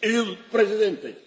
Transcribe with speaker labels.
Speaker 1: il presidente.